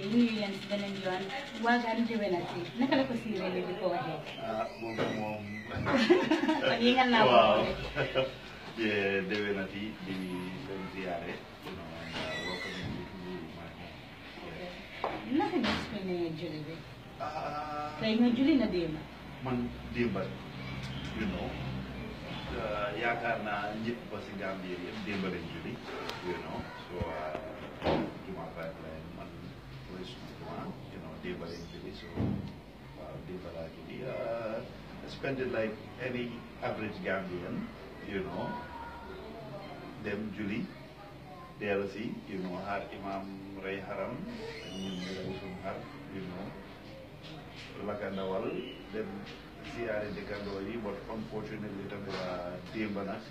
te ñu ngi leen si beneen yoon waagaan jëwénati naka la ko siiwee ni di ko waxee. ah boobu moom. nga naa ko waaw déwénati di leen ziyaare. naka nga expliqué bi. tey nga julli na démb. man démb you know yaakaar naa ñëpp ba si Gambie yëpp démb lañ julli you know so jumaa faat lañ man. population you know, day by day, so uh, day by day, uh, spend it like any average Gambian, you know, them Julie, DLC, you know, Har Imam Ray Haram, you know, Lakandawal, them siyaare dëkkandoo yi but unfortunately tamit uh, démb nag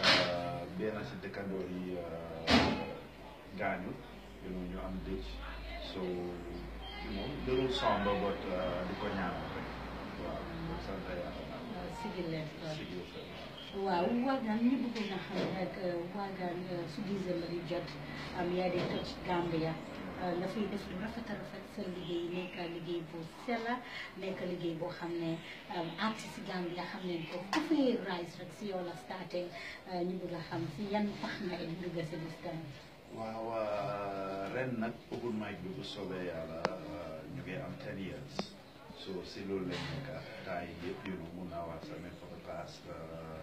uh, benn si dëkkandoo yi uh, gaañu you know ñu am ditch. so you know uh, waaw sant yàlla. sigil leen ko a xam rek waagaan euh, su décembre yi jot am yaa di toj Gambia euh, dafay def lu rafet rafet sa liggéey nekk liggéey bu sell nekk liggéey boo xam ne euh, artiste Gambia xam nañ ko ku fi rise rek si la starté ñu bëgg xam si yan pax nga dugg si waaw euh, ren nag open mic bi bu soobee yàlla euh, ñu ngi am years so si loolu lañ nekk ak yëpp yu nu mun naa wax samay for the past euh,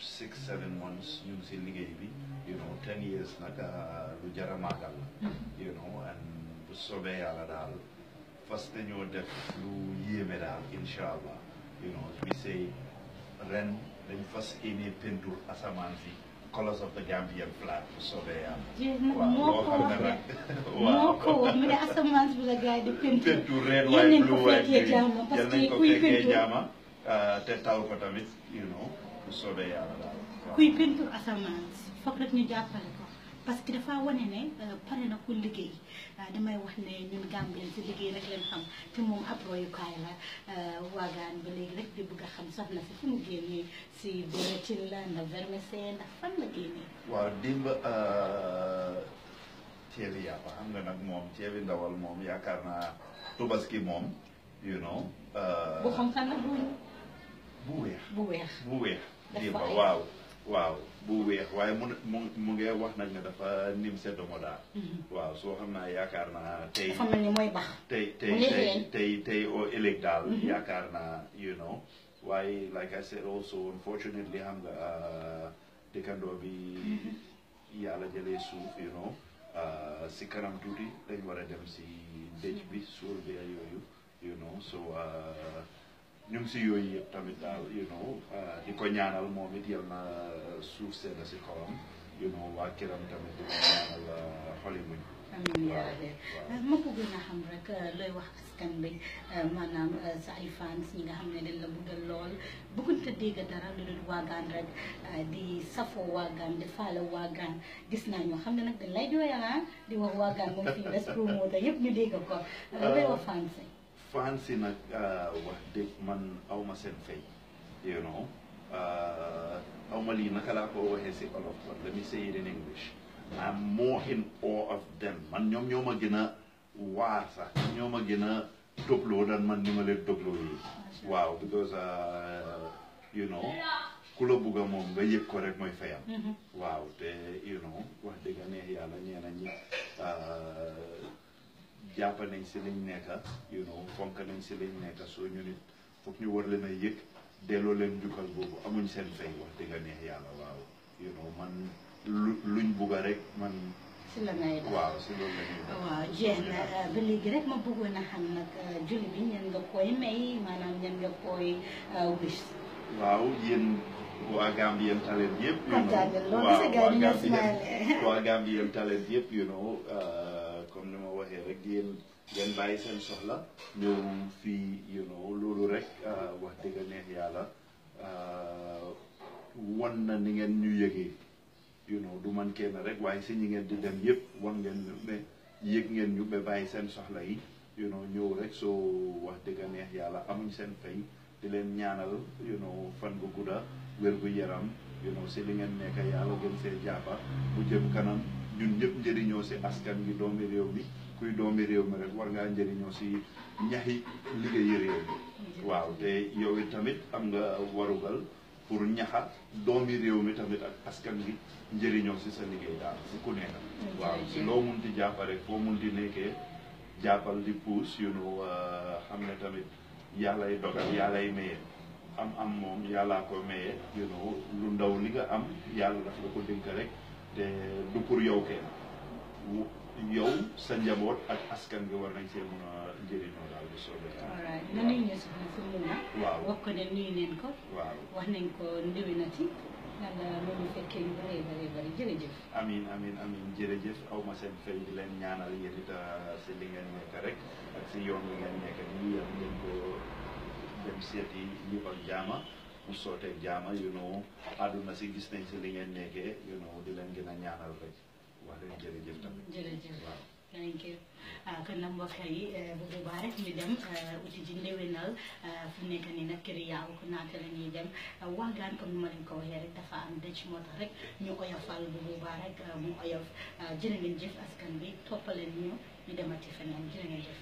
six seven months ñu ngi si liggéey bi you know years nag lu jar la mm-hmm. you know and bu soobee yàlla daal fas dañoo def lu yéeme daal incha allah you know bi say ren dañ fas yéene pentur asamaan fii colors of the Gambian flag bu soobee yàlla. ko wax rek moo ko wax mu ne asamaan bi la gars yi di peinture. peinture red white blue white green yal nañ ko te taw ko tamit you know bu soobee yàlla uh, daal. kuy peinture asamaan foog rek ñu ko. parce que dafa wane ne euh, pare na ku liggéey euh, damay wax ne ñun Gambien si liggéey rek leen xam te moom ab royukaay la euh, waagaan ba léegi rek di bëgg a xam soxna si fu mu génnee si Boratin la ndax Vermesen ndax fan la génnee. waaw démb ceebi yàppa xam nga nag moom ceebi ndawal moom yaakaar naa tubaski moom you know. bu xam-xam la bu. weex bu weex bu waaw. waaw bu weex waaye mu mu mu ngi wax nañ ne dafa nim sedd moo daal. Mm-hmm. waaw soo xam naa yaakaar naa tey. tey tey tey tey daal. Mm-hmm. yaakaar na you know waaye like I said also unfortunately xam nga uh, dëkkandoo bi mm-hmm. yàlla jëlee suuf you know uh, si kanam tuuti lañ war a dem si dëj bi suul bi yooyu you know so. Uh, ñu si yooyu yëpp tamit daal euh, di ko ñaanal moom it yal na suuf sedd si kawam you know waa kiram tamit di ko ñaanal euh, xoli euh, a xam rek looy wax askan bi maanaam sa i fans ñi nga xam ne dañ la bëggal lool bëggunte dégg dara lu dul waagaan rek di safoo waagaan di faale waagaan gis naa ñoo xam ne nag dañ lay jooyal ah, di wax waagaan moom fii best promoter yëpp ñu dégg ko looy wax fans fan si nag euh, wax dëgg man awma seen fay you know euh, awma lii naka laa ko waxee si olof but let say it in English I'm more in awe of them man ñoom ñoo ma gën a waar sax ñoo ma gën a dogloo dan man ni ma leen dogloo yi waaw because euh, you know ku la bugg moom nga yëg ko rek mooy fayam mm-hmm. waaw te you know wax dëgg neex yàlla ñeena ñi jàpp nañ si lañ nekka you know fonk nañ si lañ nekka soo ñu nit foog ñu war leen a yëg delloo leen jukkal boobu amuñ seen fay wax dëgg neex yàlla waaw you know man luñ bugga rek man si la ngay def waaw si loolu la ba ma a xam nag euh, julli bi ñan nga koy may maanaam ñan nga koy euh, wis Talent yëpp waa Gambian Talent yëpp you know euh, comme ni ma waxee rek di leen ngeen bàyyi seen soxla ñëw fii you know loolu rek wax dëgg neex yàlla wan na ni ngeen ñu yëgee you know du man kenn rek waaye si ñi ngeen di dem yëpp wan ngeen ñu ne yëg ngeen ñu ba bàyyi seen soxla yi you know ñëw rek soo wax dëgg neex yàlla amuñ seen fay di leen ñaanal you know fan bu gudda wér gu yaram you know si li ngeen nekk yàlla gën see jàppa bu jëm kanam ñun ñëpp njëriñoo si askan gi doomi e réew mi kuy doomi réew mi rek war ngaa njëriñoo si ñaxi liggéeyi réew mi waaw te yow it tamit am nga warugal pour ñaxa doomi réew mi tamit ak askan gi njëriñoo si sa liggéey daal si ku nekk waaw si loo munti jàppa rek foo munti nekkee jàppal di puus yu nu uh, xam ne tamit yàllay dogal yàllay maye am am moom yàllaa ko maye yu nu lu ndaw li nga am yàlla daf la ko dénk rek te du pour yow kenn yow sa njaboot ak askan bi war nañ see mën a njëriñoo daal bu soobee yàlla. na ko waaw wax nañ ko ndewinati. yàlla loolu fekkee ñu bëree bëree bëri jërëjëf. amiin amiin amiin jërëjëf aw ma seen fay di leen ñaanal yéen it ah, si li ngeen nekk rek ak si yoon bi ngeen nekk nii yéen ngeen ko dem seeti ñu jaama. mu jaama you know àdduna si gis nañ si li ngeen nekkee you di leen gën a ñaanal rek. wax dëgg jërëjëf tamit jërëjëf waaw thank you ah kon nag mbokk yi eh, bu boobaa rek dem eh, uti ji ndewenal eh, fu nekk nii nag kër yaaw ko naata la ñuy dem waagaan comme mu ma leen ko waxee rek dafa am dëcc moo tax rek ñu oyofal bu boobaa rek mu oyof jërë ngeen jëf askan bi toppaleen ñu ñu dem a demati feneen jërë ngeen jëf.